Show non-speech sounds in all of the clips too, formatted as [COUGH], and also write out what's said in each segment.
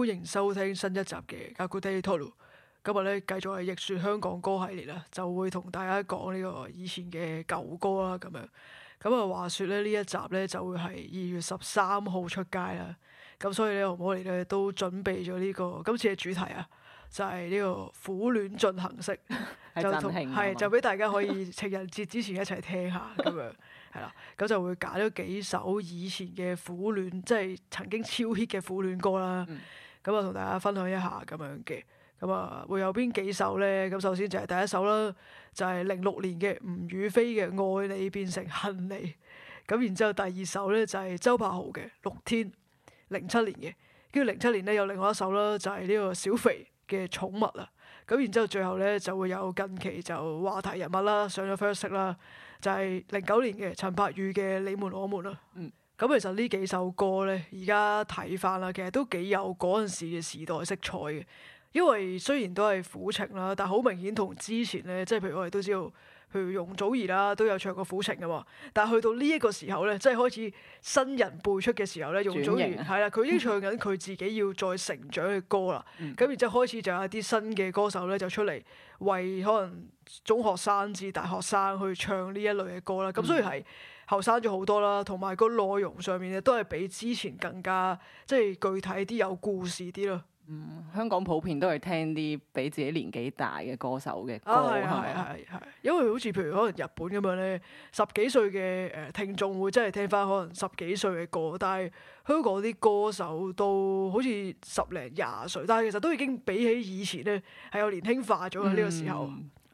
歡迎收聽新一集嘅《Goodie Talk》。今日咧繼續係《逆說香港歌》系列啦，就會同大家講呢個以前嘅舊歌啦。咁樣咁啊，話說咧呢一集咧就會係二月十三號出街啦。咁所以咧，我哋咧都準備咗呢個今次嘅主題啊，就係呢個苦戀進行式，就同係就俾大家可以情人節之前一齊聽下咁樣係啦。咁就會揀咗幾首以前嘅苦戀，即係曾經超 hit 嘅苦戀歌啦。咁啊，同大家分享一下咁樣嘅，咁啊會有邊幾首咧？咁首先就係第一首啦，就係零六年嘅吳雨霏嘅《愛你變成恨你》。咁然之後第二首咧就係周柏豪嘅《六天》，零七年嘅。跟住零七年咧有另外一首啦，就係呢個小肥嘅《寵物》啊。咁然之後最後咧就會有近期就話題人物啦，上咗 First 啦，就係零九年嘅陳柏宇嘅《你瞞我瞞》啦啊。嗯。咁其實呢幾首歌咧，而家睇翻啦，其實都幾有嗰陣時嘅時代色彩嘅。因為雖然都係苦情啦，但係好明顯同之前咧，即係譬如我哋都知道，譬如容祖兒啦都有唱過苦情噶嘛。但係去到呢一個時候咧，即係開始新人輩出嘅時候咧，轉型。容祖兒係啦，佢已經唱緊佢自己要再成長嘅歌啦。咁 [LAUGHS] 然之後開始就有啲新嘅歌手咧，就出嚟為可能中學生至大學生去唱呢一類嘅歌啦。咁 [LAUGHS] 所以係。後生咗好多啦，同埋個內容上面咧都係比之前更加，即係具體啲、有故事啲咯。嗯，香港普遍都係聽啲比自己年紀大嘅歌手嘅歌，係係係，因為好似譬如可能日本咁樣咧，十幾歲嘅誒聽眾會真係聽翻可能十幾歲嘅歌，但係香港啲歌手都好似十零廿歲，但係其實都已經比起以前咧係有年輕化咗嘅呢個時候，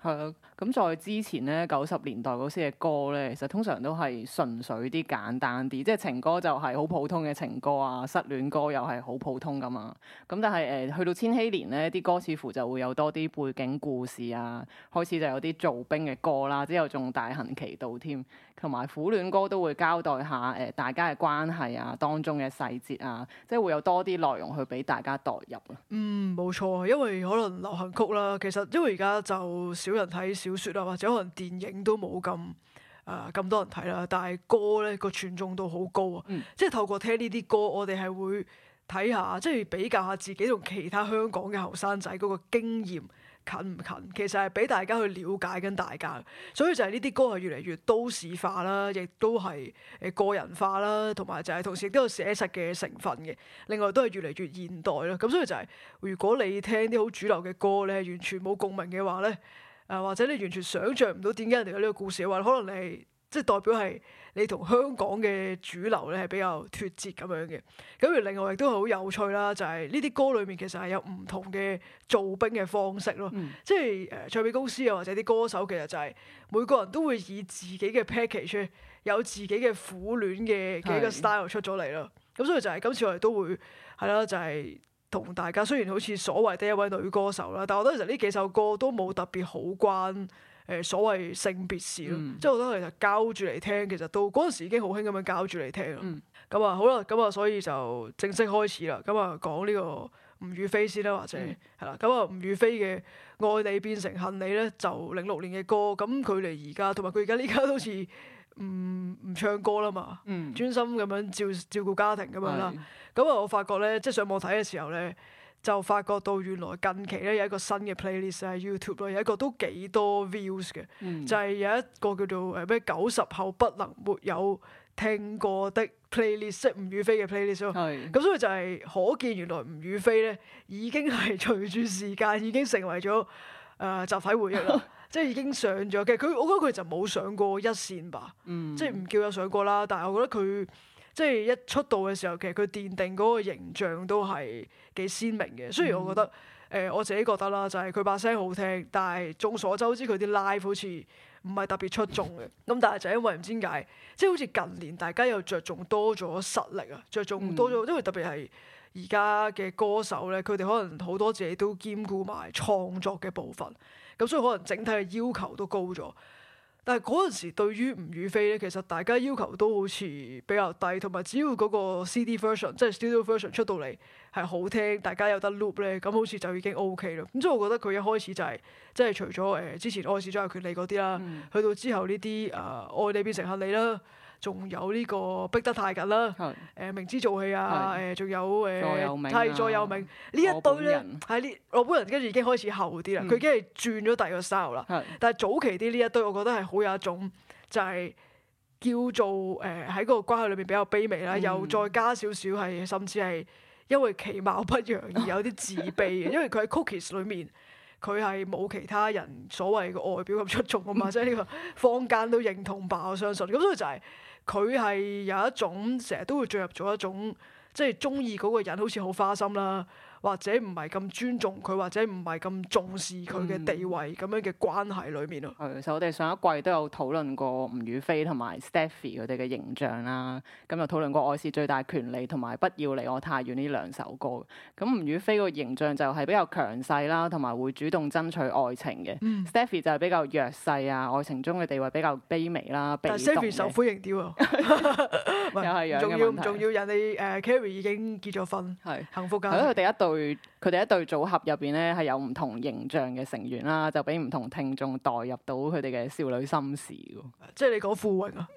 係咯、嗯。咁在之前咧，九十年代嗰時嘅歌咧，其實通常都係純粹啲簡單啲，即係情歌就係好普通嘅情歌啊，失戀歌又係好普通噶嘛。咁但係誒、呃、去到千禧年咧，啲歌似乎就會有多啲背景故事啊，開始就有啲造兵嘅歌啦，之後仲大行其道添，同埋苦戀歌都會交代下誒、呃、大家嘅關係啊，當中嘅細節啊，即係會有多啲內容去俾大家代入咯。嗯，冇錯，因為可能流行曲啦，其實因為而家就少人睇。小說啊，或者可能電影都冇咁誒咁多人睇啦。但係歌咧，個傳誦度好高啊，嗯、即係透過聽呢啲歌，我哋係會睇下，即係比較下自己同其他香港嘅後生仔嗰個經驗近唔近。其實係俾大家去了解緊大家。所以就係呢啲歌係越嚟越都市化啦，亦都係誒個人化啦，同埋就係同時都有寫實嘅成分嘅。另外都係越嚟越現代啦。咁所以就係如果你聽啲好主流嘅歌，你完全冇共鳴嘅話咧。誒或者你完全想像唔到點解人哋有呢個故事，或者可能你係即係代表係你同香港嘅主流咧係比較脫節咁樣嘅。咁而另外亦都好有趣啦，就係呢啲歌裏面其實係有唔同嘅造兵嘅方式咯，嗯、即係唱片公司又或者啲歌手其實就係每個人都會以自己嘅 package 有自己嘅苦戀嘅幾個 style 出咗嚟咯。咁是所以就係今次我哋都會係咯，就係、是。同大家雖然好似所謂的一位女歌手啦，但我覺得其實呢幾首歌都冇特別好關誒所謂性別事咯，嗯、即係我覺得其實交住嚟聽，其實到嗰陣時已經好興咁樣交住嚟聽啦。咁啊、嗯，好啦，咁啊，所以就正式開始啦。咁啊，講呢個吳雨霏先啦，或者係啦，咁啊、嗯，吳雨霏嘅《愛你變成恨你》咧，就零六年嘅歌，咁距離而家，同埋佢而家依家都似。唔唔、嗯、唱歌啦嘛，嗯、專心咁樣照照顧家庭咁樣啦。咁啊是，我發覺咧，即、就、係、是、上網睇嘅時候咧，就發覺到原來近期咧有一個新嘅 playlist 喺 YouTube 咯，有一個都幾多 views 嘅，嗯、就係有一個叫做誒咩九十後不能沒有聽過的 playlist，吳雨霏嘅 playlist 咯。係是。咁所以就係可見，原來吳雨霏咧已經係隨住時間已經成為咗誒、呃、集體回憶啦。 [LAUGHS] 即係已經上咗嘅。佢我覺得佢就冇上過一線吧，嗯、即係唔叫有上過啦。但係我覺得佢即係一出道嘅時候，其實佢奠定嗰個形象都係幾鮮明嘅。雖然我覺得誒、嗯呃，我自己覺得啦，就係佢把聲好聽，但係眾所周知佢啲 live 好似唔係特別出眾嘅。咁 [LAUGHS] 但係就因為唔知點解，即係好似近年大家又着重多咗實力啊，着重多咗，嗯、因為特別係而家嘅歌手咧，佢哋可能好多自己都兼顧埋創作嘅部分。咁所以可能整體嘅要求都高咗，但係嗰陣時對於吳雨霏咧，其實大家要求都好似比較低，同埋只要嗰個 CD version，即係 studio version 出到嚟係好聽，大家有得 loop 咧，咁好似就已經 OK 啦。咁所以我覺得佢一開始就係、是、即係除咗誒、呃、之前愛是專有權利嗰啲啦，嗯、去到之後呢啲誒愛你變成恨你啦。仲有呢個逼得太緊啦，誒明知做戲啊，誒仲有誒，係再有名呢一堆咧，係呢我本人跟住已經開始後啲啦，佢已經係轉咗第二個 style 啦。但係早期啲呢一堆，我覺得係好有一種就係叫做誒喺個關係裏面比較卑微啦，又再加少少係，甚至係因為其貌不揚而有啲自卑嘅，因為佢喺 Cookies 裏面，佢係冇其他人所謂嘅外表咁出眾啊嘛，即係呢個坊間都認同吧，我相信咁所以就係。佢係有一種成日都會進入咗一種，即係中意嗰個人好似好花心啦。或者唔係咁尊重佢，或者唔係咁重視佢嘅地位咁、mm、樣嘅關係裏面咯。係，其實我哋上一季都有討論過吳雨霏同埋 Stephy 佢哋嘅形象啦，咁又討論過《愛是最大權利》同埋《不要離我太遠》呢兩首歌。咁吳雨霏個形象就係比較強勢啦，同埋會主動爭取愛情嘅。Mm、Stephy 就係比較弱勢啊，愛情中嘅地位比較卑微啦，被動嘅。但 Stephy 受歡迎啲喎，又 [LAUGHS] 係 [LAUGHS] 不樣嘅問題。仲要仲要人哋誒 Kary 已經結咗婚，對幸福㗎對。喺佢第一度。人佢哋一對組合入邊咧係有唔同形象嘅成員啦，就俾唔同聽眾代入到佢哋嘅少女心事。即係你講傅穎啊，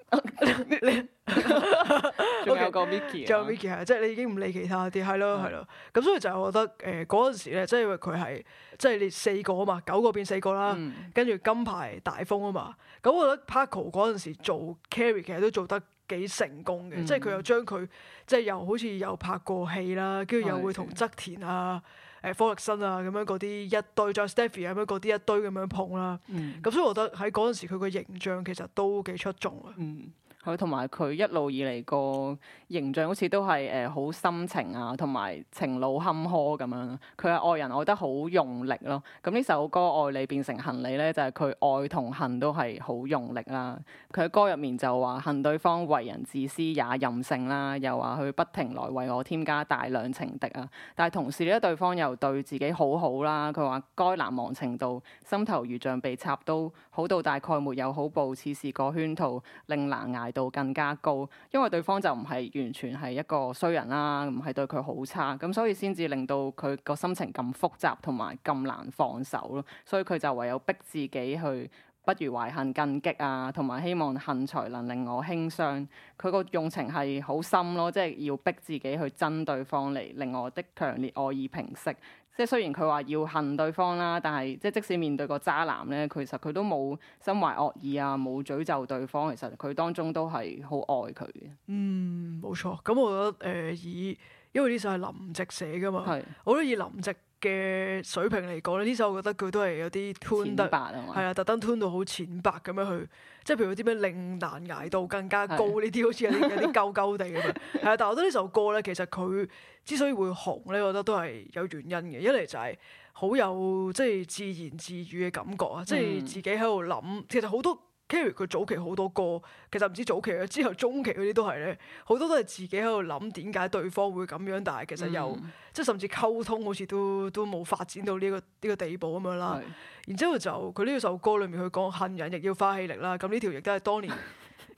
仲有講 Miki，e 仲有 Miki 啊， [LAUGHS] 即係你已經唔理其他啲，係咯係咯。咁、嗯、所以就係我覺得誒嗰陣時咧，即係因為佢係即係你四個啊嘛，九個變四個啦，跟住，嗯、金牌大風啊嘛。咁我覺得 Paco 嗰陣時做 Carrie 其實都做得。幾成功嘅、嗯，即係佢又將佢，即係又好似又拍過戲啦，跟住又會同側田啊、誒、呃、方力申啊咁樣嗰啲一堆，再有 Stephy 咁樣嗰啲一堆咁樣碰啦，咁、嗯、所以我覺得喺嗰陣時佢個形象，其實都幾出眾啊。嗯佢同埋佢一路以嚟個形象好似都係誒好深情啊，同埋情路坎坷咁樣，佢係愛人愛得好用力咯。咁呢首歌愛你變成恨你咧，就係、是、佢愛同恨都係好用力啦。佢喺歌入面就話恨對方為人自私也任性啦，又話佢不停來為我添加大量情敵啊。但係同時咧，對方又對自己好好啦。佢話該難忘程度，心頭如像被插刀，好到大概沒有好報似是個圈套，令難捱。度更加高，因為對方就唔係完全係一個衰人啦，唔係對佢好差，咁所以先至令到佢個心情咁複雜，同埋咁難放手咯。所以佢就唯有逼自己去，不如懷恨更激啊，同埋希望恨才能令我輕傷。佢個用情係好深咯，即係要逼自己去憎對方嚟，令我的強烈愛意平息。即係雖然佢話要恨對方啦，但係即即使面對個渣男咧，其實佢都冇心懷惡意啊，冇詛咒對方。其實佢當中都係好愛佢嘅。嗯，冇錯。咁我覺得誒、呃，以因為呢首係林夕寫噶嘛，係，我都以林夕，嘅水平嚟講咧，呢首我覺得佢都係有啲吞得，係啊，對特登吞到好淺白咁樣去，去即係譬如啲咩令難捱到」更加高呢啲，的好似有啲 [LAUGHS] 有啲鳩鳩地咁啊！係啊， [LAUGHS] 但係我覺得呢首歌咧，其實佢之所以會紅咧，我覺得都係有原因嘅，一嚟就係好有即係自言自語嘅感覺啊，嗯、即係自己喺度諗，其實好多。Kerry 佢早期好多歌，其實唔知早期咧，之後中期嗰啲都係咧，好多都係自己喺度諗點解對方會咁樣，但係其實又、嗯、即係甚至溝通好似都都冇發展到呢、呢個呢、呢個地步咁樣啦。嗯、然之後就佢呢首歌裏面佢講恨人亦要花氣力啦，咁呢條亦都係當年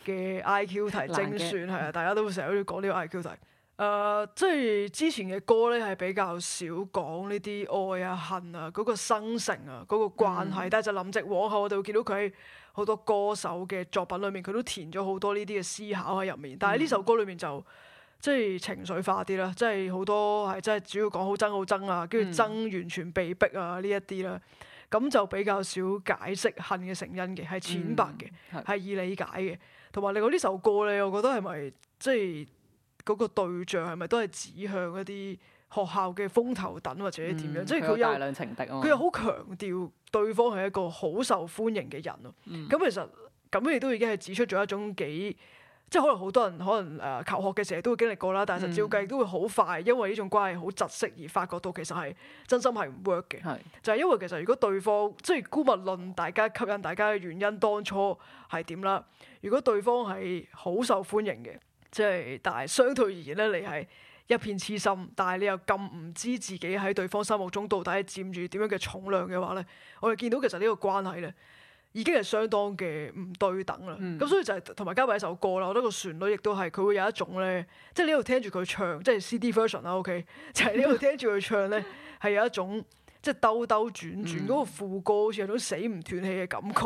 嘅 I Q 題精選係啊，大家都成日好似講呢啲 I Q 題。誒、呃，即係之前嘅歌咧係比較少講呢啲愛啊恨啊嗰、嗰個生成啊嗰、嗰個關係，嗯、但係就林夕往後我哋會見到佢。好多歌手嘅作品裏面，佢都填咗好多呢啲嘅思考喺入面。但係呢首歌裏面就即係情緒化啲啦，即係好多係即係主要講好憎好憎啊，跟住憎完全被逼啊呢一啲啦。咁就比較少解釋恨嘅成因嘅，係淺白嘅，係易、嗯、理解嘅。同埋你講呢首歌咧，我覺得係咪即係嗰個對象係咪都係指向一啲？學校嘅風頭等或者點樣，嗯、即係佢有大量情敵啊，佢又好強調對方係一個好受歡迎嘅人咁、嗯、其實咁亦都已經係指出咗一種幾，即係可能好多人可能誒、呃、求學嘅時候都會經歷過啦。但係實照計都會好快，因為呢種關係好窒息而發覺到其實係真心係唔 work 嘅。是就係因為其實如果對方即係姑勿論，大家吸引大家嘅原因當初係點啦？如果對方係好受歡迎嘅，即係但係相對而言呢，你係。一片痴心，但係你又咁唔知自己喺對方心目中到底係佔住點樣嘅重量嘅話咧，我哋見到其實呢個關係咧已經係相當嘅唔對等啦。咁、嗯、所以就係同埋加埋一首歌啦，我覺得個旋律亦都係佢會有一種咧，即係呢度聽住佢唱，即係 CD version 啦。OK，就係呢度聽住佢唱咧，係 [LAUGHS] 有一種。即係兜兜轉轉嗰個副歌，好似有種死唔斷氣嘅感覺。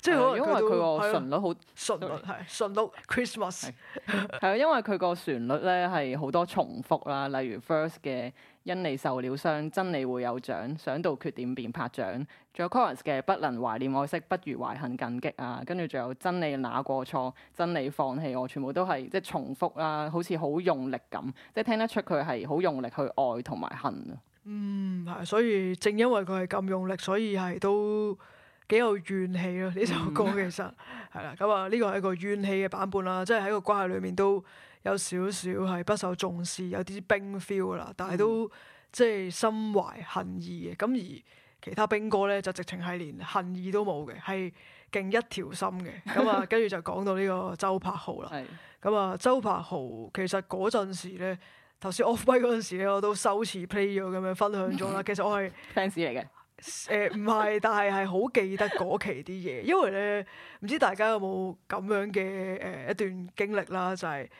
即係、嗯、可能佢個旋律好旋、嗯、律係旋 Sorry 律。Christmas 係啊，因為佢個旋律咧係好多重複啦，例如 First 嘅因你受了傷，真理會有獎，想到缺點便拍掌。仲有 chorus 嘅不能懷念愛惜，不如懷恨更激啊。跟住仲有真理那個錯，真理放棄我，全部都係即係重複啦，好似好用力咁，即係聽得出佢係好用力去愛同埋恨。嗯，係，所以正因為佢係咁用力，所以係都幾有怨氣咯。呢首歌其實係啦，咁啊呢個係一個怨氣嘅版本啦，即係喺個關係裏面都有少少係不受重視，有啲冰 feel 啦，但係都即係、就是、心懷恨意嘅。咁而其他兵歌咧就直情係連恨意都冇嘅，係勁一條心嘅。咁、嗯、啊，跟住就講到呢個周柏豪啦。咁啊是、嗯，周柏豪其實嗰陣時咧。頭先 off 杯嗰陣時咧，我都收詞 play 咗咁樣分享咗啦。其實我係 fans 嚟嘅，誒唔係，但係係好記得嗰期啲嘢，因為咧唔知大家有冇咁樣嘅誒、呃、一段經歷啦，就係、是、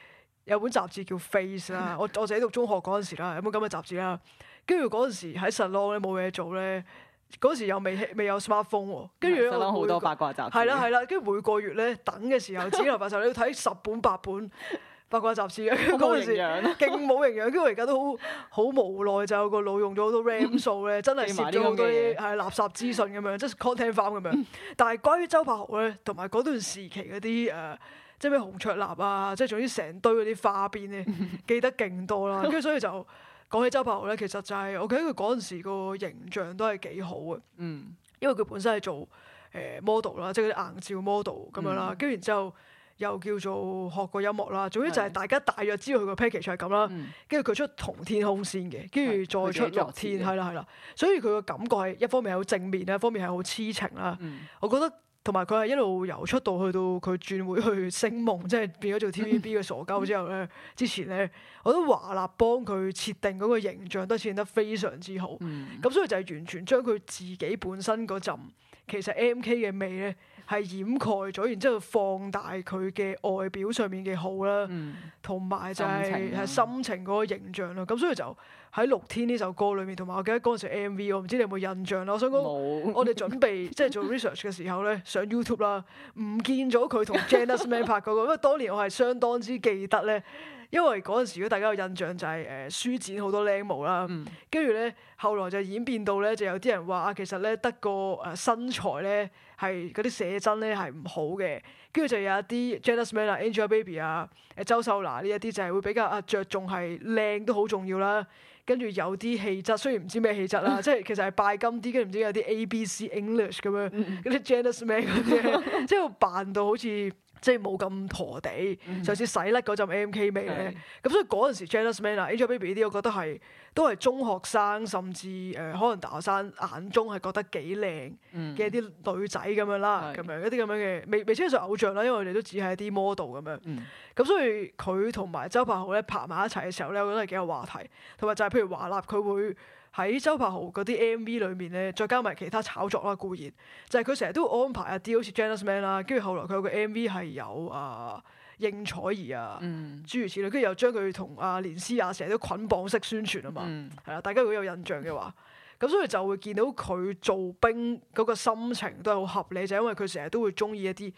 有本雜誌叫 Face 啦。我我就喺讀中學嗰陣時啦，有本咁嘅雜誌啦。跟住嗰陣時喺 s h u n l o n 冇嘢做咧，嗰陣時又未未有 smartphone 喎。跟住咧好多八卦雜誌，係啦係啦，跟住每個月咧等嘅時候，只能話就你要睇十本八本，八卦雜誌嘅嗰陣時，勁冇營養，跟住我而家都好無奈，就係個腦用咗好多 RAM 數咧，真係攝咗好多係垃圾資訊咁樣，即係 content farm 咁樣。但係關於周柏豪咧，同埋嗰段時期嗰啲誒，即係咩洪卓立啊，即係總之成堆嗰啲花邊咧，記得勁多啦。跟住所以就講起周柏豪咧，其實就係我記得佢嗰陣時個形象都係幾好嘅，因為佢本身係做誒 model 啦，即係嗰啲硬照 model 咁樣啦，跟住然之後。又叫做學過音樂啦，總之就係大家大約知道佢個 package 係咁啦。跟住佢出《同天空》先嘅，跟住再出《落天》，係啦係啦。所以佢個感覺係一方面係好正面啦，一方面係好痴情啦。嗯、我覺得同埋佢係一路由出道去到佢轉會去星夢，即係變咗做 TVB 嘅傻鳩之後咧，嗯、之前咧，我覺得華立幫佢設定嗰個形象都設得非常之好。咁、嗯、所以就係完全將佢自己本身嗰陣。其實 MK 嘅味咧係掩蓋咗，然之後放大佢嘅外表上面嘅好啦，同埋、嗯、就係係深情嗰個形象啦。咁所以就喺《六天》呢首歌裏面，同埋我記得嗰陣時 MV，我唔知你有冇印象啦。我想講，有我哋準備即係做 research 嘅時候咧，上 YouTube 啦，唔見咗佢同 Janice Man 拍嗰、那個， [LAUGHS] 因為當年我係相當之記得咧。因為嗰陣時，如果大家有印象就係誒書展好多靚模啦，跟住咧後來就演變到咧，就有啲人話啊，其實咧得個誒身材咧係嗰啲寫真咧係唔好嘅，跟住就有一啲 Janice Man 啊、Angelababy 啊、誒周秀娜呢一啲就係會比較啊著重係靚都好重要啦，跟住有啲氣質雖然唔知咩氣質啦， [LAUGHS] 即係其實係拜金啲，跟住唔知有啲 ABC English 咁樣嗰啲 Janice Man 嗰啲，即係扮到好似。即係冇咁婆地，上、mm hmm. 次洗甩嗰陣 M K 味咧，咁的所以嗰陣時 Janice Man 啊 Angelababy 啲，我覺得係都係中學生甚至誒、呃、可能大學生眼中係覺得幾靚嘅啲女仔咁樣啦，咁、mm hmm. 樣一啲咁樣嘅未未稱得上偶像啦，因為佢哋都只係一啲 model 咁樣。咁、mm hmm. 所以佢同埋周柏豪咧拍埋一齊嘅時候咧，我覺得係幾有話題，同埋就係譬如華納佢會。喺周柏豪嗰啲 MV 裏面咧，再加埋其他炒作啦，固然就係佢成日都安排一啲好似 Janus Man 啦，跟住後，後來佢有個 MV 係有啊應采兒啊，啊嗯、諸如此類，跟住又將佢同阿連詩雅成日都捆綁式宣傳啊嘛，係啦、嗯，大家如果有印象嘅話，咁所以就會見到佢做兵嗰個心情都係好合理，就係因為佢成日都會中意一啲，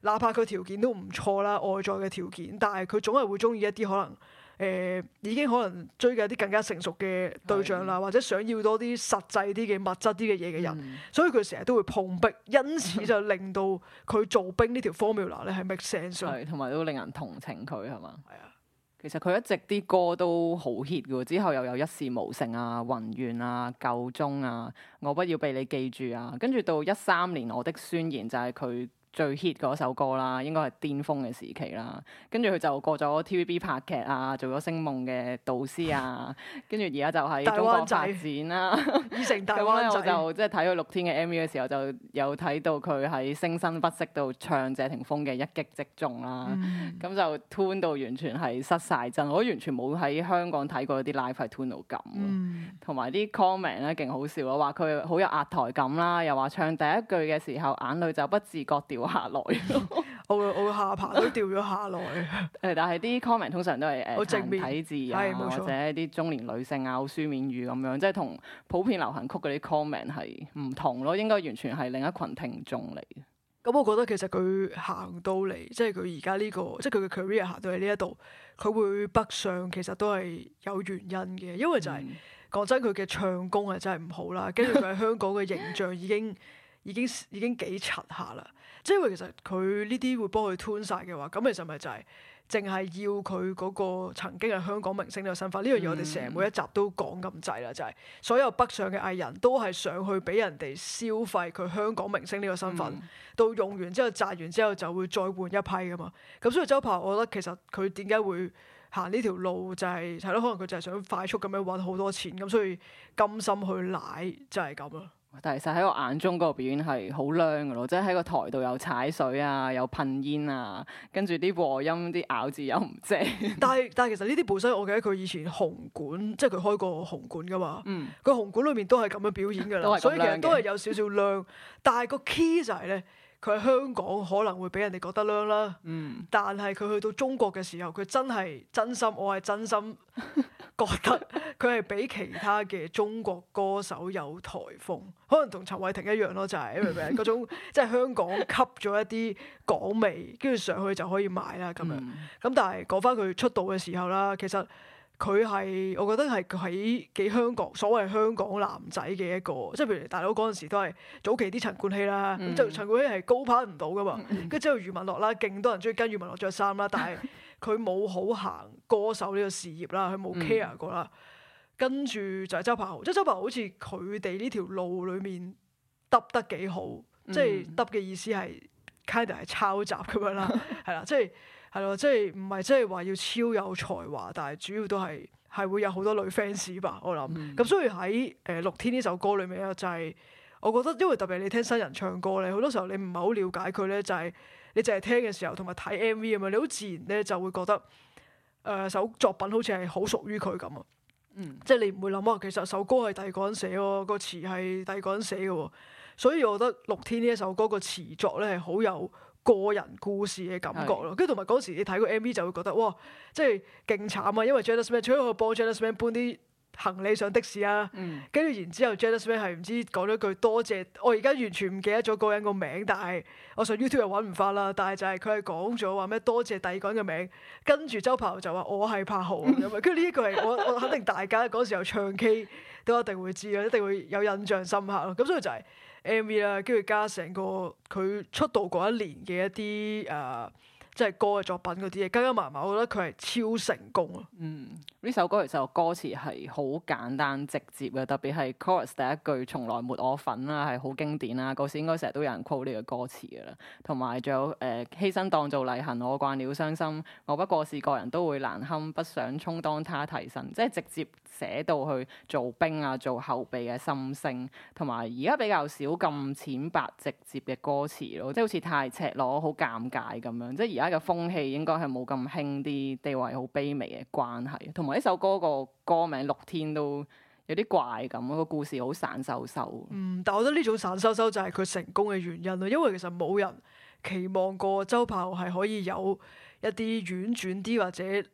哪怕佢條件都唔錯啦，外在嘅條件，但係佢總係會中意一啲可能。誒、呃、已經可能追嘅啲更加成熟嘅對象啦，的或者想要多啲實際啲嘅物質啲嘅嘢嘅人，嗯、所以佢成日都會碰壁， [LAUGHS] 因此就令到佢做兵呢條 formula 咧係 make sense 同埋都令人同情佢係嘛？係啊，的其實佢一直啲歌都好 hit 嘅喎，之後又有一事無成啊、宏願啊、夠鐘啊、我不要被你記住啊，跟住到一三年我的宣言就係佢。最 hit 嗰首歌啦，應該係巔峰嘅時期啦。跟住佢就過咗 TVB 拍劇啊，做咗星夢嘅導師啊。跟住而家就喺香港發展啦。咁就即係睇佢六天嘅 MV 嘅時候，就有睇到佢喺《聲生不息》度唱謝霆鋒嘅《一擊即中》啦。咁、嗯、就 turn 到完全係失晒陣，我完全冇喺香港睇過啲 live turn 到咁。同埋啲 comment 咧勁好笑啊，話佢好有壓台感啦，又話唱第一句嘅時候眼淚就不自覺掉落來， [LAUGHS] 我個我個下巴都掉咗下來。誒，但係啲 comment 通常都係 [LAUGHS] 正面、呃、體字啊，或者啲中年女性啊、書面語咁樣，即係同普遍流行曲嗰啲 comment 係唔同咯。應該完全係另一群聽眾嚟 [LAUGHS] 、嗯。咁我覺得其實佢行到嚟，即係佢而家呢個，即、就、係、是、佢嘅 career 行到係呢一度，佢會北上，其實都係有原因嘅。因為就係、是、講、嗯、真，佢嘅唱功係真係唔好啦。跟住佢喺香港嘅形象已經已經已經幾塵下啦。即係其實佢呢啲會幫佢 turn 曬嘅話，咁其實咪就係淨係要佢嗰個曾經嘅香港明星呢個身份。呢樣嘢我哋成日每一集都講咁滯啦，嗯、就係所有北上嘅藝人都係上去俾人哋消費佢香港明星呢個身份。嗯、到用完之後，摘完之後就會再換一批噶嘛。咁所以周柏豪，我覺得其實佢點解會行呢條路、就係，就係係咯，可能佢就係想快速咁樣揾好多錢，咁所以甘心去奶就係咁啊。但係實喺我眼中，嗰個表演係好娘嘅咯，即係喺個台度有踩水啊，有噴煙啊，跟住啲和音啲咬字又唔正 [LAUGHS] 但。但係但係其實呢啲本身我記得佢以前紅館，即係佢開過紅館噶嘛。嗯，佢紅館裏面都係咁樣表演噶啦，所以其實都係有少少娘。 [LAUGHS] 但係個 key 就係、是、咧。佢喺香港可能會俾人哋覺得靚啦，嗯、但係佢去到中國嘅時候，佢真係真心，我係真心覺得佢係比其他嘅中國歌手有台風，可能同陳偉霆一樣咯，就係、你、明唔明？嗰 [LAUGHS] 種即係香港吸咗一啲港味，跟住上去就可以賣啦咁樣。咁、嗯、但係講翻佢出道嘅時候啦，其實。佢係我覺得係喺幾香港，所謂香港男仔嘅一個，即係譬如大佬嗰陣時都係早期啲陳冠希啦、嗯嗯，就陳冠希係高攀唔到噶嘛，跟之後余文樂啦，勁多人中意跟余文樂着衫啦，但係佢冇好行歌手呢個事業啦，佢冇 care 過啦，跟住、嗯、就係周柏豪，即係周柏豪好似佢哋呢條路裡面得得幾好，嗯、即係得嘅意思係 kind of 係抄襲咁樣啦，係啦、嗯，即係。係咯，即係唔係即係話要超有才華，但係主要都係係會有好多女 fans 吧，我諗。咁、嗯、所以喺誒六天呢首歌裏面咧，就係、是、我覺得，因為特別你聽新人唱歌咧，好多時候你唔係好了解佢咧，就係、是、你淨係聽嘅時候同埋睇 MV 咁樣，v, 你好自然咧就會覺得誒首、呃、作品好似係好屬於佢咁啊。嗯，嗯、即係你唔會諗啊，其實首歌係第二個人寫咯，個詞係第二個人寫嘅，所以我覺得六天呢一首歌個詞作咧係好有。個人故事嘅感覺咯，跟住同埋嗰時你睇個 M V 就會覺得哇，即係勁慘啊！因為 Janice Man 除咗去幫 Janice Man 搬啲行李上的士啊，跟住、嗯、然之後 Janice Man 係唔知講咗句多謝，我而家完全唔記得咗個人個名，但係我上 YouTube 又揾唔翻啦。但係就係佢係講咗話咩多謝第二個人嘅名，跟住周柏豪就話我係柏豪咁啊。跟住呢一句係我我肯定大家嗰時候唱 K 都一定會知啊，一定會有印象深刻咯。咁所以就係、是。M.V. 啦，跟住加成個佢出道嗰一年嘅一啲誒，Uh 即係歌嘅作品嗰啲嘢，加加埋埋，我覺得佢係超成功啊！嗯，呢首歌其實個歌詞係好簡單直接嘅，特別係 chorus 第一句從來沒我份啦，係好經典啦。嗰時應該成日都有人 call 呢個歌詞噶啦。同埋仲有誒、呃、犧牲當做例行，我慣了傷心，我不過是個人都會難堪，不想充當他替身，即係直接寫到去做兵啊、做後備嘅心聲。同埋而家比較少咁淺白直接嘅歌詞咯，即係好似太赤裸、好尷尬咁樣。即係而大家嘅風氣應該係冇咁輕啲，地位好卑微嘅關係，同埋呢首歌個歌名《六天》都有啲怪咁，個故事好散修修。嗯，但係我覺得呢種散修修就係佢成功嘅原因咯，因為其實冇人期望過周柏豪係可以有一啲婉轉啲或者靚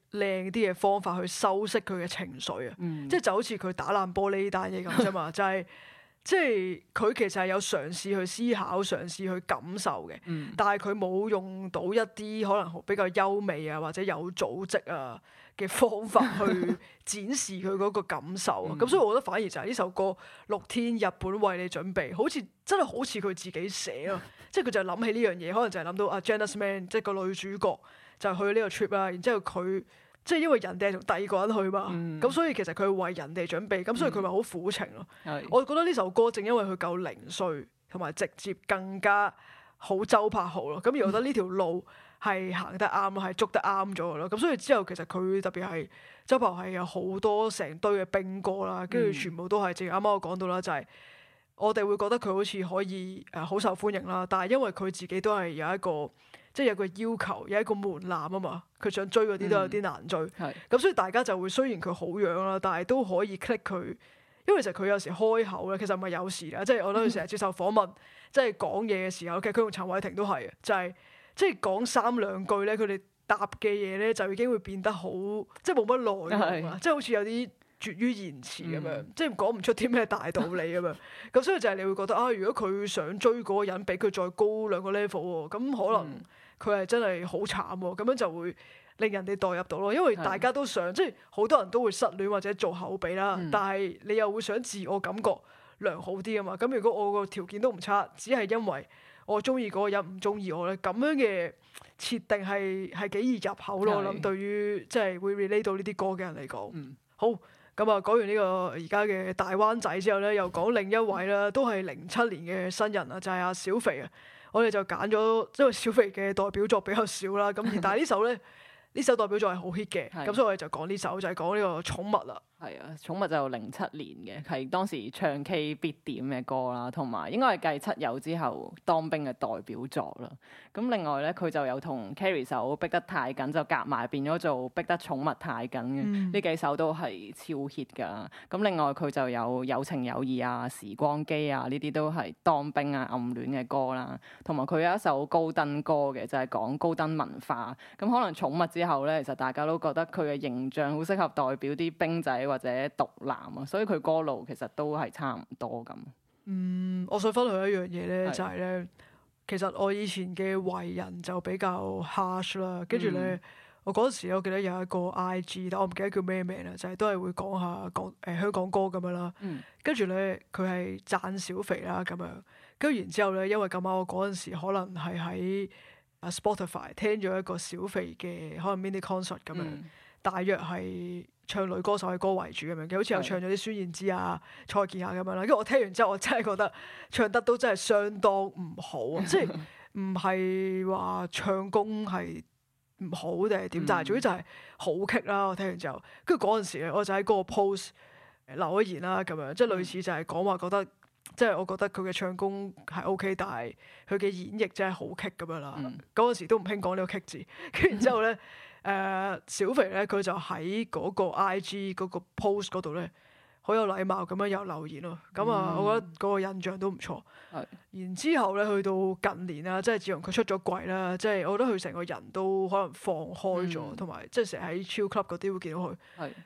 啲嘅方法去修飾佢嘅情緒啊，即係、嗯、就好似佢打爛玻璃呢單嘢咁啫嘛，就係。即係佢其實係有嘗試去思考、嘗試去感受嘅，嗯、但係佢冇用到一啲可能比較優美啊或者有組織啊嘅方法去展示佢嗰個感受。咁、嗯、所以我覺得反而就係呢首歌《 [LAUGHS] 六天日本為你準備》好，好似真係好似佢自己寫咯。嗯、即係佢就係諗起呢樣嘢，可能就係諗到啊 Janice Man，即係個女主角就去呢個 trip 啦，然之後佢。即係因為人哋係同第二個人去嘛，咁、嗯、所以其實佢為人哋準備，咁所以佢咪好苦情咯。嗯、我覺得呢首歌正因為佢夠零碎同埋直接，更加好周柏豪咯。咁而覺得呢條路係行得啱，係捉得啱咗嘅咯。咁所以之後其實佢特別係周柏豪係有好多成堆嘅兵歌啦，跟住全部都係正啱啱我講到啦，就係、是、我哋會覺得佢好似可以誒好、呃、受歡迎啦，但係因為佢自己都係有一個。即係有個要求，有一個門檻啊嘛。佢想追嗰啲都有啲難追。咁、嗯，所以大家就會雖然佢好樣啦，但係都可以 click 佢。因為其實佢有時開口咧，其實唔係有時啊。即係我覺得佢成日接受訪問， [LAUGHS] 即係講嘢嘅時候，其實佢同陳偉霆都係啊，就係、是、即係講三兩句咧，佢哋答嘅嘢咧就已經會變得好，即係冇乜內容啊，是即係好似有啲拙於言辭咁樣，嗯、即係講唔出啲咩大道理咁樣。咁 [LAUGHS] 所以就係你會覺得啊，如果佢想追嗰個人，比佢再高兩個 level 喎，咁可能、嗯。佢係真係好慘喎、啊，咁樣就會令人哋代入到咯。因為大家都想，是的 即係好多人都會失戀或者做口比啦。嗯、但係你又會想自我感覺良好啲啊嘛。咁如果我個條件都唔差，只係因為我中意嗰個人唔中意我咧，咁樣嘅設定係係幾易入口咯。我諗是的、嗯、對於即係、就是、會 relate 到呢啲歌嘅人嚟講，嗯、好咁啊，講完呢個而家嘅大灣仔之後咧，又講另一位啦，都係零七年嘅新人啊，就係、是、阿小肥啊。我哋就揀咗，因為小肥嘅代表作比較少啦，咁而但係呢首咧。呢首代表作係好 hit 嘅，咁是所以我哋就講呢首，就係、是、講呢、這個寵物啦。係啊，寵物就零七年嘅，係當時唱 K 必點嘅歌啦，同埋應該係繼七友之後當兵嘅代表作啦。咁另外咧，佢就有同 Kerry 首逼得太緊就夾埋變咗做逼得寵物太緊嘅。呢、嗯、幾首都係超 hit 㗎。咁另外佢就有有情有義啊、時光機啊呢啲都係當兵啊暗戀嘅歌啦。同埋佢有一首高登歌嘅，就係、是、講高登文化。咁可能寵物之後。後咧，其實大家都覺得佢嘅形象好適合代表啲兵仔或者毒男啊，所以佢歌路其實都係差唔多咁。嗯，我想分享一樣嘢咧，是就係、是、咧，其實我以前嘅為人就比較 hush 啦，跟住咧，嗯、我嗰陣時我記得有一個 IG，但我唔記得叫咩名啦，就係、是、都係會講下講誒香港歌咁樣啦。跟住咧，佢係讚小肥啦咁樣，跟住然之後咧，因為咁啱我嗰陣時可能係喺。啊，Spotify 聽咗一個小肥嘅可能 mini concert 咁樣，嗯、大約係唱女歌手嘅歌為主咁樣，嗯、好似又唱咗啲孫燕姿啊、蔡健雅咁樣啦。因為我聽完之後，我真係覺得唱得都真係相當唔好啊， [LAUGHS] 即係唔係話唱功係唔好定係點？但係總之就係好激啦。我聽完之後，跟住嗰陣時咧，我就喺嗰個 post 留言啦，咁樣即係類似就係講話覺得。即係我覺得佢嘅唱功係 OK，但係佢嘅演繹真係好棘咁樣啦。嗰陣、嗯、時都唔興講呢個棘字，跟住之後咧，誒、 [LAUGHS] 呃、小肥咧佢就喺嗰個 IG 嗰個 post 嗰度咧，好有禮貌咁樣有留言咯，咁啊，嗯、我覺得嗰個印象都唔錯。是然之後咧，去到近年啦，即係自從佢出咗櫃啦，即係我覺得佢成個人都可能放開咗，同埋、嗯、即係成日喺 Chill club 嗰啲會見到佢。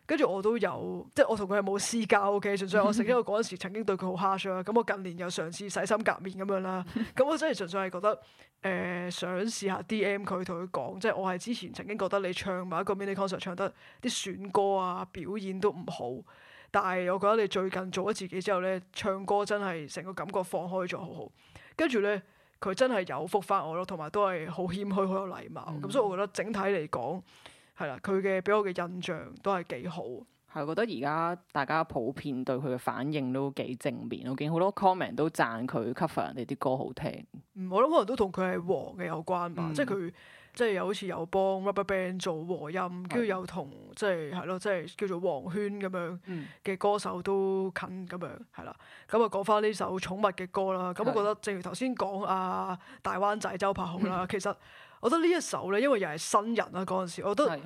跟住是我都有，即係我同佢係冇私交嘅，純粹我成日因為嗰陣時曾經對佢好 harsh 咯。咁我近年又嘗試洗心革面咁樣啦，咁我真係純粹係覺得誒、呃、想試下 DM 佢，同佢講，即係我係之前曾經覺得你唱埋一個 mini concert，唱得啲選歌啊，表演都唔好。但係我覺得你最近做咗自己之後呢，唱歌真係成個感覺放開咗好好，跟住呢，佢真係有覆返我咯，同埋都係好謙虛、好有禮貌咁，嗯、所以我覺得整體嚟講係啦，佢嘅俾我嘅印象都係幾好。係，我覺得而家大家普遍對佢嘅反應都幾正面，我見好多 comment 都讚佢 cover 人哋啲歌好聽。嗯、我諗可能都同佢係王嘅有關吧，嗯、即係佢。即係又好似有幫 Rubberband 做和音，跟住又同即係係咯，即係叫做黃軒咁樣嘅歌手都近咁樣，係啦。咁啊講返呢首寵物嘅歌啦，咁我覺得正如頭先講啊，大灣仔周柏豪啦， [LAUGHS] 其實我覺得呢一首咧，因為又係新人啦嗰陣時，我覺得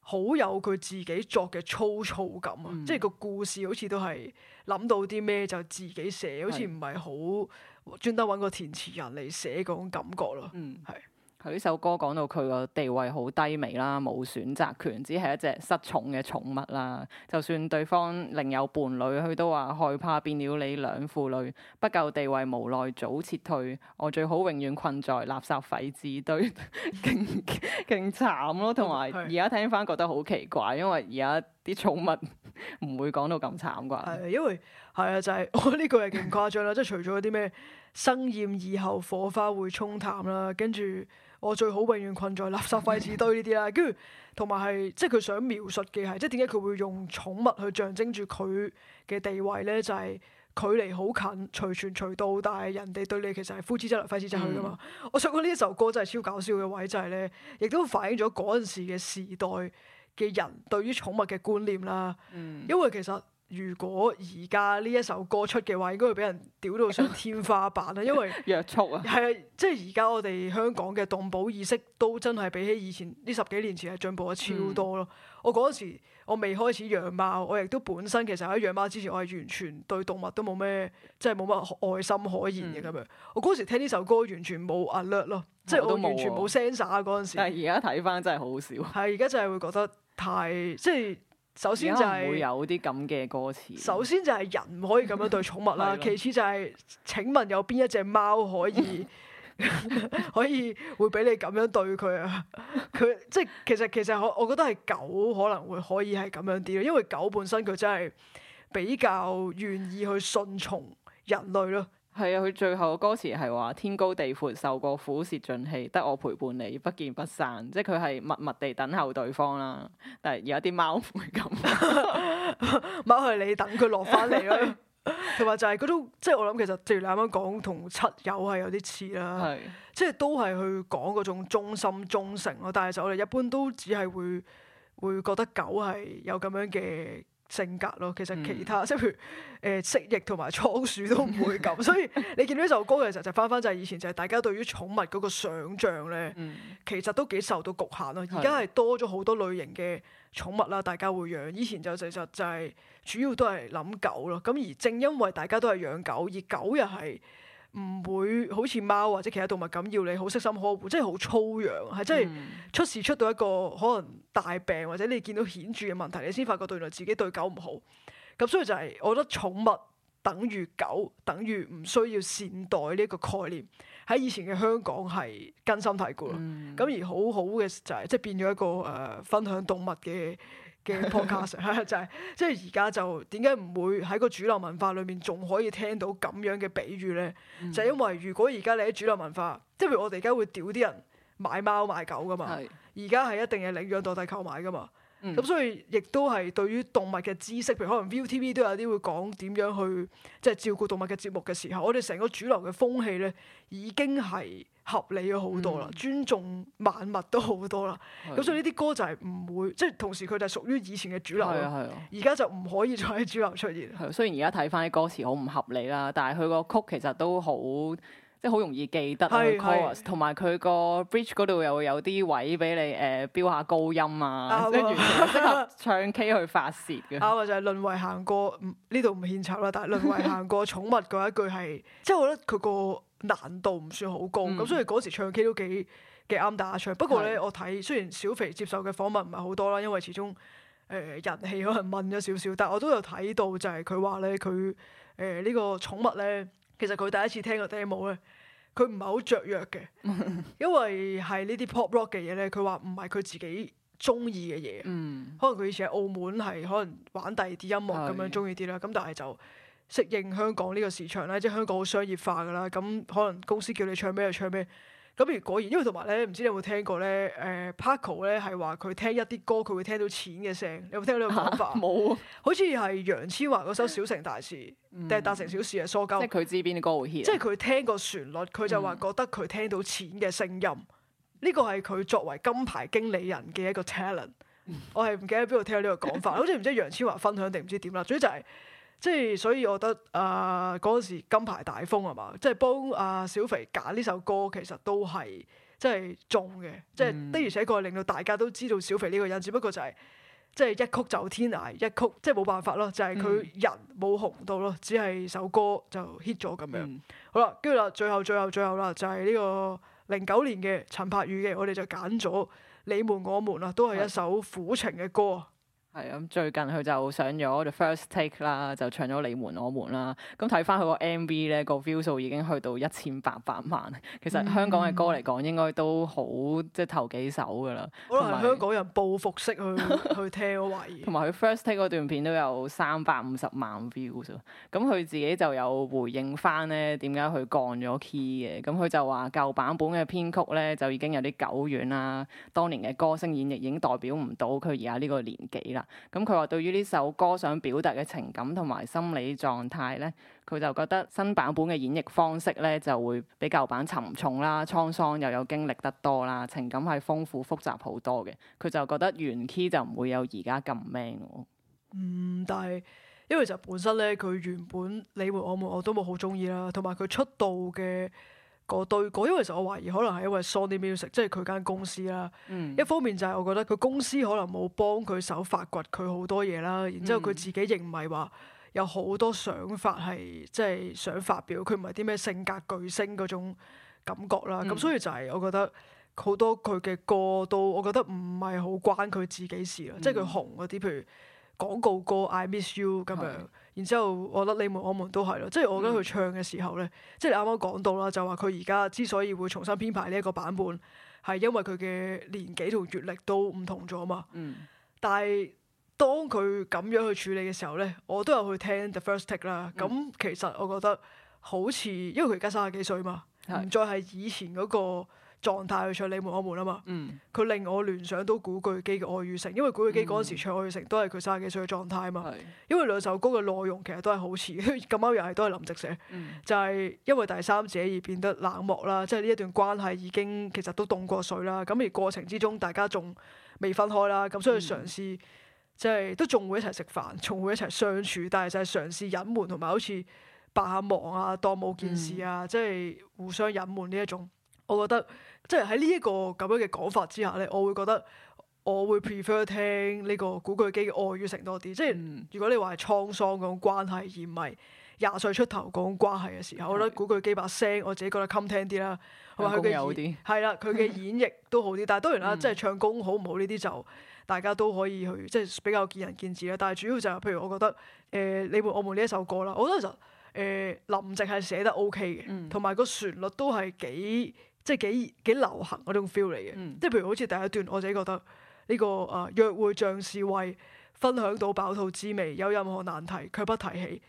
好有佢自己作嘅粗糙感啊！ [LAUGHS] 即係個故事好似都係諗到啲咩就自己寫，是啊、好似唔係好專登揾個填詞人嚟寫嗰種感覺咯，係、啊。嗯佢呢首歌講到佢個地位好低微啦，冇選擇權，只係一隻失寵嘅寵物啦。就算對方另有伴侶，佢都話害怕變了你兩父女，不夠地位，無奈早撤退。我最好永遠困在垃圾廢紙堆，勁勁慘咯。同埋而家聽翻覺得好奇怪，因為而家啲寵物唔會講到咁慘啩。係，因為係啊，就係、是、我呢句係勁誇張啦。即係 [LAUGHS] 除咗啲咩？生厭以後火花會沖淡啦，跟住我最好永遠困在垃圾廢紙堆呢啲啦，跟住同埋係即係佢想描述嘅係，即係點解佢會用寵物去象徵住佢嘅地位咧？就係、是、距離好近，隨傳隨到，但係人哋對你其實係呼之則來，揮之則去噶嘛。嗯、我想講呢一首歌真係超搞笑嘅位，就係、是、咧，亦都反映咗嗰陣時嘅時代嘅人對於寵物嘅觀念啦。嗯、因為其實。如果而家呢一首歌出嘅話，應該會俾人屌到上天花板啦， [LAUGHS] 因為約束啊，係啊，即係而家我哋香港嘅動保意識都真係比起以前呢十幾年前，係進步咗超多咯。嗯、我嗰時我未開始養貓，我亦都本身其實喺養貓之前，我係完全對動物都冇咩，即係冇乜愛心可言嘅咁樣。嗯、我嗰時聽呢首歌完全冇壓力咯，即係我完全冇 sensor 嗰陣時。係而家睇翻真係好少，啊。係而家真係會覺得太即係。首先就係、是、唔會有啲咁嘅歌詞。首先就係人唔可以咁樣對寵物啦。 [LAUGHS] 的其次就係，請問有邊一隻貓可以 [LAUGHS] [LAUGHS] 可以會俾你咁樣對佢啊？佢即係其實其實我我覺得係狗可能會可以係咁樣啲咯，因為狗本身佢真係比較願意去順從人類咯。係啊，佢最後嘅歌詞係話：天高地闊受過苦，蝕盡氣，得我陪伴你，不見不散。即係佢係默默地等候對方啦。但誒，而家啲貓會咁，貓係你等佢落翻嚟咯。同埋 [LAUGHS] 就係、是、嗰種，即係我諗其實，正如你啱啱講，同七友係有啲似啦。係的，即係都係去講嗰種忠心忠誠咯。但係就我哋一般都只係會會覺得狗係有咁樣嘅。性格咯，其實其他即係、嗯、譬如蜥蜴同埋倉鼠都唔會咁， [LAUGHS] 所以你見到呢首歌其實就返返就係以前就係大家對於寵物嗰個想像咧，嗯、其實都幾受到局限咯。而家係多咗好多類型嘅寵物啦，大家會養。以前就其實就係主要都係諗狗咯。咁而正因為大家都係養狗，而狗又係。唔會好似貓或者其他動物咁要你好悉心呵護，即係好粗養，係即係出事出到一個可能大病或者你見到顯著嘅問題，你先發覺原來自己對狗唔好。咁所以就係我覺得寵物等於狗等於唔需要善待呢個概念，喺以前嘅香港係根深蒂固咯。咁、嗯、而好好嘅就係、是、即係變咗一個誒、呃、分享動物嘅。嘅 podcast [LAUGHS] 就係，即係而家就點解唔會喺個主流文化裏面仲可以聽到咁樣嘅比喻咧？嗯、就係因為如果而家你喺主流文化，即、就、係、是、譬如我哋而家會屌啲人買貓買狗噶嘛，而家係一定係領養代替購買噶嘛。咁、嗯、所以亦都係對於動物嘅知識，譬如可能 ViuTV 都有啲會講點樣去即係、就是、照顧動物嘅節目嘅時候，我哋成個主流嘅風氣咧已經係。合理咗好多啦，嗯、尊重萬物都好多啦，咁係啊所以呢啲歌就係唔會，即係同時佢就係屬於以前嘅主流，而家就唔可以再喺主流出現。係，雖然而家睇翻啲歌詞好唔合理啦，但係佢個曲其實都好。即係好容易記得啊！同埋佢個 bridge 嗰度又有啲位俾你誒、呃、標下高音啊，即係、嗯、完全即刻唱 K 去發泄嘅。啊，就係《輪迴行過》呢度唔獻醜啦，但係《輪迴行過》 [LAUGHS] 寵物嗰一句係，即係我覺得佢個難度唔算好高，咁所以嗰時唱 K 都幾幾啱打唱。不過咧，是的 我睇雖然小肥接受嘅訪問唔係好多啦，因為始終誒、呃、人氣可能問咗少少，但我都有睇到就係佢話咧，佢誒呢個寵物咧寵物。呢其實佢第一次聽個 demo 咧，佢唔係好雀躍嘅，因為係呢啲 pop rock 嘅嘢咧，佢話唔係佢自己中意嘅嘢，可能佢以前喺澳門係可能玩第二啲音樂咁樣中意啲啦，咁對但係就適應香港呢個市場啦，即係香港好商業化噶啦，咁可能公司叫你唱咩就唱咩。咁如果然，因為同埋咧，唔知你有冇聽過咧？誒，Paco 咧係話佢聽一啲歌，佢會聽到錢嘅聲。你有冇聽過呢個講法？冇，好似係楊千嬅嗰首《小城大事》定係、嗯《大城小事》啊？疏鳩。即係佢知邊啲歌好 hit。即係佢聽個旋律，佢就話覺得佢聽到錢嘅聲音。呢個係佢作為金牌經理人嘅一個 talent。我係唔記得喺邊度聽呢個講法， [LAUGHS] 好似唔知楊千嬅分享定唔知點啦。總之就係、是。即係所以，我覺得啊，嗰、呃、陣時金牌大風係嘛，即係、就是、幫啊小肥揀呢首歌，其實都係即係中嘅，即係的而且、嗯、確令到大家都知道小肥呢個人，只不過就係即係一曲走天涯，一曲即係冇辦法咯，就係、是、佢人冇紅到咯，嗯、只係首歌就 hit 咗咁樣。嗯、好啦，跟住啦，最後最後最後啦，就係、是、呢個零九年嘅陳柏宇嘅，我哋就揀咗你們我們啦，都係一首苦情嘅歌。嗯係啊，最近佢就上咗 The First Take 啦，就唱咗你瞞我瞞啦。咁睇翻佢個 MV 咧，個 view 數已經去到一千八百萬。其實香港嘅歌嚟講，應該都好即係頭幾首㗎啦。可能、嗯、有香港人報復式去 [LAUGHS] 去聽，我懷疑。同埋佢 First Take 嗰段片都有三百五十萬 view 啫。咁佢自己就有回應翻咧，點解佢降咗 key 嘅？咁佢就話舊版本嘅編曲咧就已經有啲久遠啦。當年嘅歌聲演繹已經代表唔到佢而家呢個年紀啦。咁佢話對於呢首歌想表達嘅情感，同埋心理狀態咧，佢就覺得新版本嘅演繹方式咧就會比舊版沉重啦，滄桑又有經歷得多啦，情感係豐富複雜好多嘅。佢就覺得原 key 就唔會有而家咁 man 咯。嗯，但係因為就本身咧，佢原本你會我會我都冇好中意啦，同埋佢出道嘅嗰堆歌，因為其實我懷疑可能係因為 Sony Music 即係佢間公司啦。嗯、一方面就係我覺得佢公司可能冇幫佢手發掘佢好多嘢啦，然之後佢自己亦唔係話有好多想法係即係想發表，佢唔係啲咩性格巨星嗰種感覺啦。咁、嗯、所以就係我覺得好多佢嘅歌都，我覺得唔係好關佢自己事咯。嗯、即係佢紅嗰啲，譬如廣告歌 I Miss You 咁樣。然之後，我覺得你們我們都係咯，即係我覺得佢唱嘅時候咧，嗯、即係你啱啱講到啦，就話佢而家之所以會重新編排呢一個版本，係因為佢嘅年紀同閱歷都唔同咗嘛。嗯、但係當佢咁樣去處理嘅時候咧，我都有去聽 The First Take 啦。咁其實我覺得好似，因為佢而家卅幾歲嘛，唔再係以前嗰、那個。狀態去唱《你們我們》啊嘛，佢、嗯、令我聯想到古巨基嘅《愛與誠》，因為古巨基嗰陣時唱《愛與誠》都係佢三十幾歲嘅狀態嘛，是因為兩首歌嘅內容其實都係好似咁，又係都係林夕寫，嗯、就係因為第三者而變得冷漠啦，即係呢一段關係已經其實都凍過水啦。咁而過程之中，大家仲未分開啦，咁所以嘗試即係都仲會一齊食飯，仲會一齊相處，但係就係嘗試隱瞞同埋好似扮下忙啊，當冇件事啊，嗯、即係互相隱瞞呢一種。我覺得即係喺呢一個咁樣嘅講法之下咧，我會覺得我會 prefer 聽呢個古巨基嘅《愛與誠》多啲。即係如果你話係滄桑嗰種關係，而唔係廿歲出頭講關係嘅時候，我覺得古巨基把聲我自己覺得襟聽啲啦。佢嘅係啦，佢嘅演繹都好啲。但係當然啦， [LAUGHS] 嗯、即係唱功好唔好呢啲就大家都可以去即係、就是、比較見仁見智啦。但係主要就係、是、譬如我覺得誒、呃，你會我們呢一首歌啦，我覺得就誒、是呃、林夕係寫得 O K 嘅，同埋、嗯、個旋律都係幾。即係幾幾流行嗰種 feel 嚟嘅，即係、嗯、譬如好似第一段，我自己覺得呢、這個誒、啊、約會像是為分享到飽肚滋味，有任何難題卻不提起，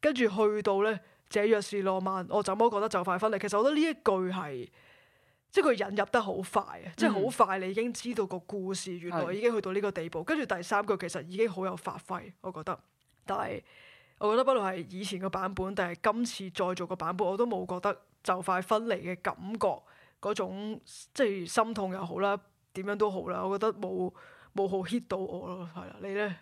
跟住去到呢，這若是浪漫，我怎麼覺得就快分離？其實我覺得呢一句係即係佢引入得好快啊！即係好快，嗯、快你已經知道個故事原來已經去到呢個地步。跟住是第三句其實已經好有發揮，我覺得。但係我覺得，不論係以前嘅版本，定係今次再做個版本，我都冇覺得就快分離嘅感覺。嗰種即係心痛又好啦，點樣都好啦，我覺得冇冇好 hit 到我咯，係啦，你咧？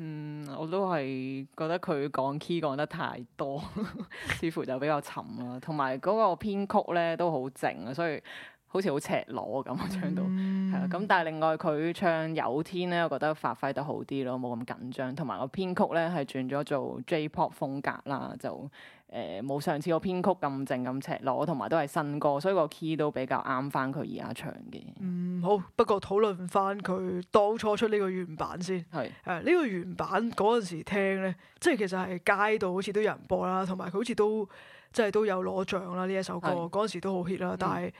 嗯，我都係覺得佢講 key 講得太多， [LAUGHS] 似乎就比較沉啦。同埋嗰個編曲咧都好靜啊，所以好似好赤裸咁我唱到，係啦、嗯。 [LAUGHS] 咁但係另外佢唱有天咧，我覺得發揮得好啲咯，冇咁緊張。同埋個編曲咧係轉咗做 J pop 風格啦，就。誒冇上次個編曲咁正咁赤裸，同埋都係新歌，所以個 key 都比較啱翻佢而家唱嘅。嗯，好。不過討論翻佢當初出呢個原版先。係。誒 [NOISE] 呢樂、uh, 個原版嗰陣時聽咧，即係其實係街度好似都有人播啦，同埋佢好似都即係都有攞獎啦呢一首歌。嗰陣 [MUSIC] 時都好 hit 啦，但係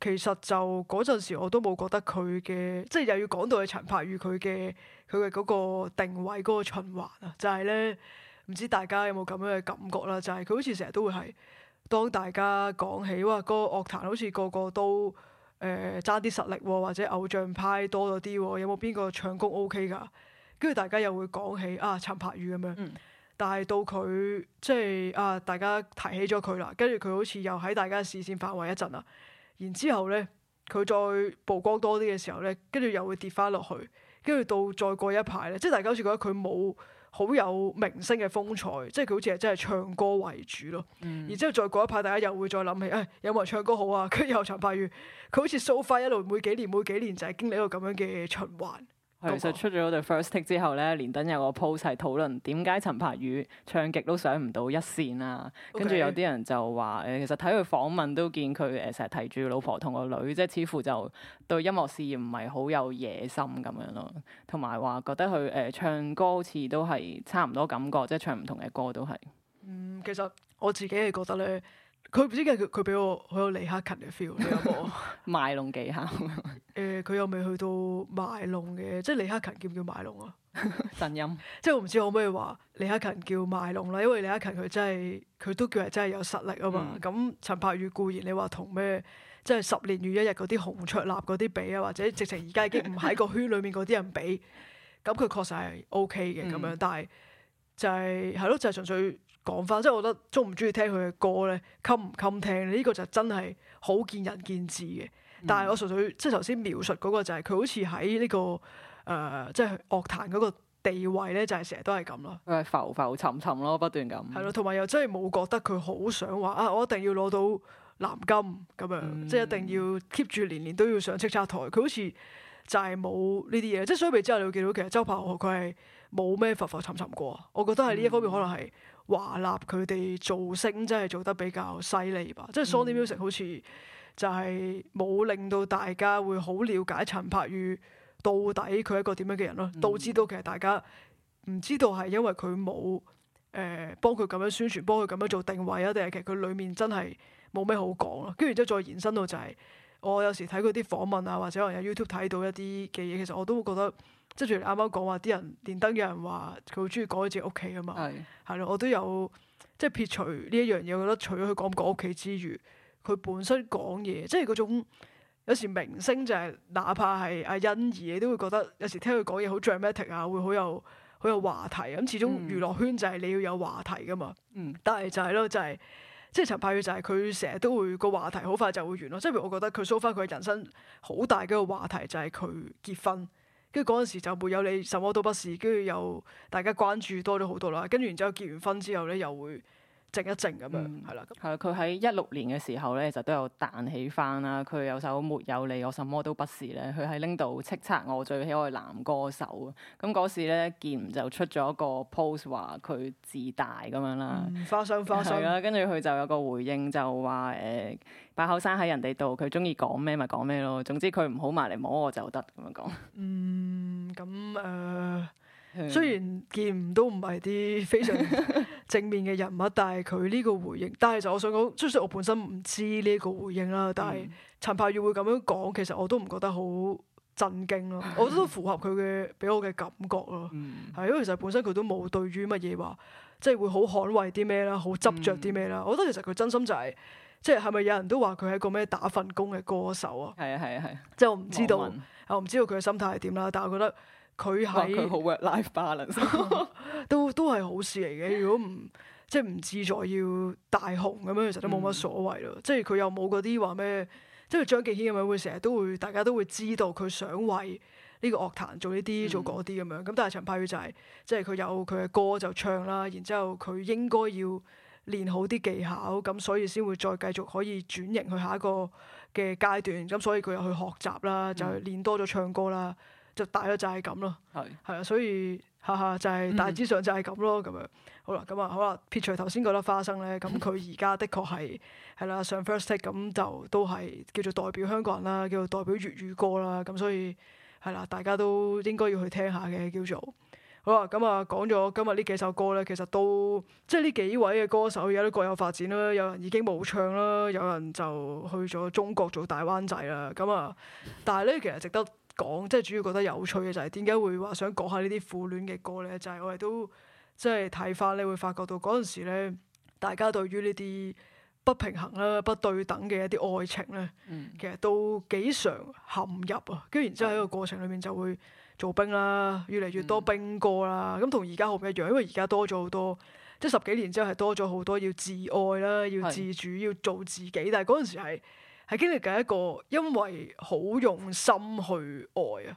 其實就嗰陣時我都冇覺得佢嘅，即係又要講到係陳柏宇佢嘅佢嘅嗰個定位嗰個循環啊，就係、是、咧。唔知大家有冇咁樣嘅感覺啦？就係、是、佢好似成日都會係當大家講起哇，個樂壇好似個個都誒揸啲實力或者偶像派多咗啲，有冇邊個唱功 OK 㗎？跟住大家又會講起啊陳柏宇咁樣，嗯、但係到佢即係啊，大家提起咗佢啦，跟住佢好似又喺大家視線範圍一陣啦，然之後咧佢再曝光多啲嘅時候咧，跟住又會跌翻落去，跟住到再過一排咧，即係大家好似覺得佢冇。好有明星嘅風采，即係佢好似係真係唱歌為主咯。嗯、然之後再過一排，大家又會再諗起，誒、哎、有冇人唱歌好啊？跟住又陳柏宇，佢好似 so far 一路每幾年每幾年就係經歷一個咁樣嘅循環。其實出咗 The First Take 之後咧，連登有個 post 係討論點解陳柏宇唱極都上唔到一線啊。Okay. 跟住有啲人就話誒，其實睇佢訪問都見佢誒，成日提住老婆同個女，即係似乎就對音樂事業唔係好有野心咁樣咯。同埋話覺得佢誒唱歌好似都係差唔多感覺，即係唱唔同嘅歌都係。嗯，其實我自己係覺得咧。佢唔知嘅佢佢俾我佢有李克勤嘅 feel，你有冇賣弄技巧？誒，佢又未去到賣弄嘅，即係李克勤叫唔叫賣弄啊？神音，即係我唔知可唔可以話李克勤叫賣弄啦，因為李克勤佢真係佢都叫係真係有實力啊嘛。咁陳柏宇固然你話同咩，即係十年如一日嗰啲洪卓立嗰啲比啊，或者直情而家已經唔喺個圈裏面嗰啲人比，咁佢確實係 OK 嘅咁樣，但係就係係咯，就係純粹。講翻即係我覺得中唔中意聽佢嘅歌咧，襟唔襟聽呢、這個就真係好見仁見智嘅。嗯、但係我純粹即係頭先描述嗰個就係、是、佢好似喺呢個誒、呃，即係樂壇嗰個地位咧，就係成日都係咁咯。浮浮沉沉咯，不斷咁。係咯，同埋又真係冇覺得佢好想話啊！我一定要攞到藍金咁樣，嗯、即係一定要 keep 住年年都要上叱咤台。佢好似就係冇呢啲嘢。即係相比之下，你會見到其實周柏豪佢係冇咩浮浮沉沉過。我覺得係呢一方面可能係。華納佢哋造星真係做得比較犀利吧，即係 Sony Music 好似就係冇令到大家會好了解陳柏宇到底佢係一個點樣嘅人咯，導致、嗯、到其實大家唔知道係因為佢冇誒幫佢咁樣宣傳，幫佢咁樣做定位啊，定係其實佢裡面真係冇咩好講咯，跟住之後再延伸到就係、是。我有時睇佢啲訪問啊，或者可能喺 YouTube 睇到一啲嘅嘢，其實我都會覺得，即係譬如啱啱講話，啲人連登嘅人話佢好鍾意講佢自己屋企啊嘛，係咯的，我都有即係撇除呢一樣嘢，我覺得除咗佢講唔講屋企之餘，佢本身講嘢，即係嗰種有時明星就係、是，哪怕係阿欣怡，你都會覺得有時聽佢講嘢好 dramatic 啊，會好有好有話題，咁始終娛樂圈就係你要有話題㗎嘛，嗯，但係就係咯，就係、是。即係陳柏宇就係佢成日都會個話題好快就會完咯，即係譬如我覺得佢 show 翻佢人生好大嘅一個話題就係佢結婚，跟住嗰陣時就沒有你什麼都不是，跟住又大家關注多咗好多啦，跟住然之後結完婚之後咧又會。靜一靜咁樣，係啦、嗯。係啦了，佢喺一六年嘅時候咧，就都有彈起翻啦。佢有首沒有你，我什麼都不是咧。佢喺拎度叱咤我最喜愛男歌手。咁嗰時咧，健就出咗個 post 話佢自大咁樣啦。花、嗯、生花生啦，跟住佢就有個回應就話誒，把、呃、口生喺人哋度，佢中意講咩咪講咩咯。總之佢唔好埋嚟摸我就得咁樣講。嗯，咁誒。呃雖然見唔到唔係啲非常正面嘅人物， [LAUGHS] 但係佢呢個回應，但係就我想講，即使我本身唔知呢個回應啦，嗯、但係陳柏宇會咁樣講，其實我都唔覺得好震驚咯。 [LAUGHS] 我都符合佢嘅俾我嘅感覺咯，係、嗯、因為其實本身佢都冇對於乜嘢話，即係會好捍衞啲咩啦，好執着啲咩啦。嗯、我覺得其實佢真心就係、係，即係係咪有人都話佢係個咩打份工嘅歌手啊？係啊係啊係。嗯嗯、即係我唔知道，我唔知道佢嘅心態係點啦。但係我覺得。佢係佢好 work-life balance 都都係好事嚟嘅。如果唔即係唔自在要大紅咁樣，其實都冇乜所謂咯、嗯。即係佢又冇嗰啲話咩，即係張敬軒咁樣會成日都會，大家都會知道佢想為呢個樂壇做呢啲做嗰啲咁樣。咁但係陳柏宇就係、是、即係佢有佢嘅歌就唱啦，然之後佢應該要練好啲技巧，咁所以先會再繼續可以轉型去下一個嘅階段。咁所以佢又去學習啦，就練多咗唱歌啦。嗯嗯大約就大咗就係咁咯，係係啊，所以哈哈就係、係、大致上就係咁咯咁樣。好啦，咁啊好啦，撇除頭先嗰粒花生咧，咁佢而家的確係係啦上 first take 咁就都係叫做代表香港人啦，叫做代表粵語歌啦。咁所以係啦，大家都應該要去聽下嘅叫做好啦。咁啊講咗今日呢幾首歌咧，其實都即係呢幾位嘅歌手而家都各有發展啦。有人已經冇唱啦，有人就去咗中國做大灣仔啦。咁啊，但係咧其實值得講，即係主要覺得有趣嘅就係點解會話想講下呢啲苦戀嘅歌咧？就係、是、我哋都即係睇翻咧，會發覺到嗰陣時咧，大家對於呢啲不平衡啦、不對等嘅一啲愛情咧，嗯、其實都幾常陷入啊。跟住然之後喺個過程裏面就會做兵啦，越嚟越多兵歌啦。咁同而家好唔一樣，因為而家多咗好多，即係十幾年之後係多咗好多要自愛啦、要自主是要做自己。但係嗰陣時係。係經歷緊一個因為好用心去愛啊，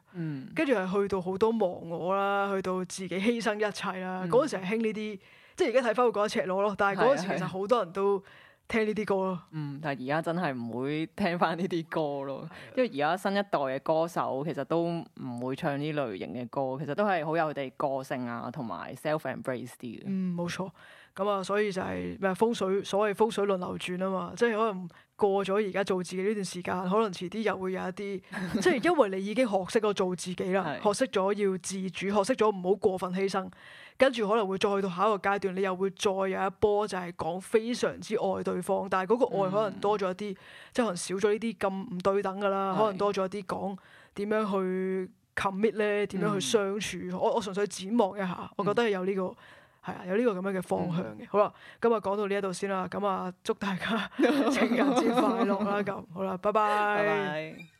跟住係去到好多忘我啦，去到自己犧牲一切啦。嗰陣、嗯、時係興呢啲，即係而家睇返會覺得赤裸咯。但係嗰陣時其實好多人都。聽呢啲歌咯，嗯，但係而家真係唔會聽翻呢啲歌咯， [LAUGHS] 因為而家新一代嘅歌手其實都唔會唱呢類型嘅歌，其實都係好有佢哋個性啊，同埋 self embrace 啲嘅。嗯，冇錯，咁啊，所以就係、唔係、咩風水，所謂風水輪流轉啊嘛，即係可能過咗而家做自己呢段時間，可能遲啲又會有一啲， [LAUGHS] 即係因為你已經學識咗做自己啦，的學識咗要自主，學識咗唔好過分犧牲。跟住可能會再去到下一個階段，你又會再有一波就係講非常之愛對方，但係嗰個愛可能多咗一啲，嗯、即係可能少咗呢啲咁唔對等噶啦，是可能多咗一啲講點樣去 commit 咧，點樣去相處。嗯、我我純粹展望一下，我覺得有呢、呢個係、嗯、有呢個咁樣嘅方向嘅。嗯、好啦，今日講到呢一度先啦，咁啊祝大家 [LAUGHS] 情人節快樂啦！咁好啦，拜拜。拜拜。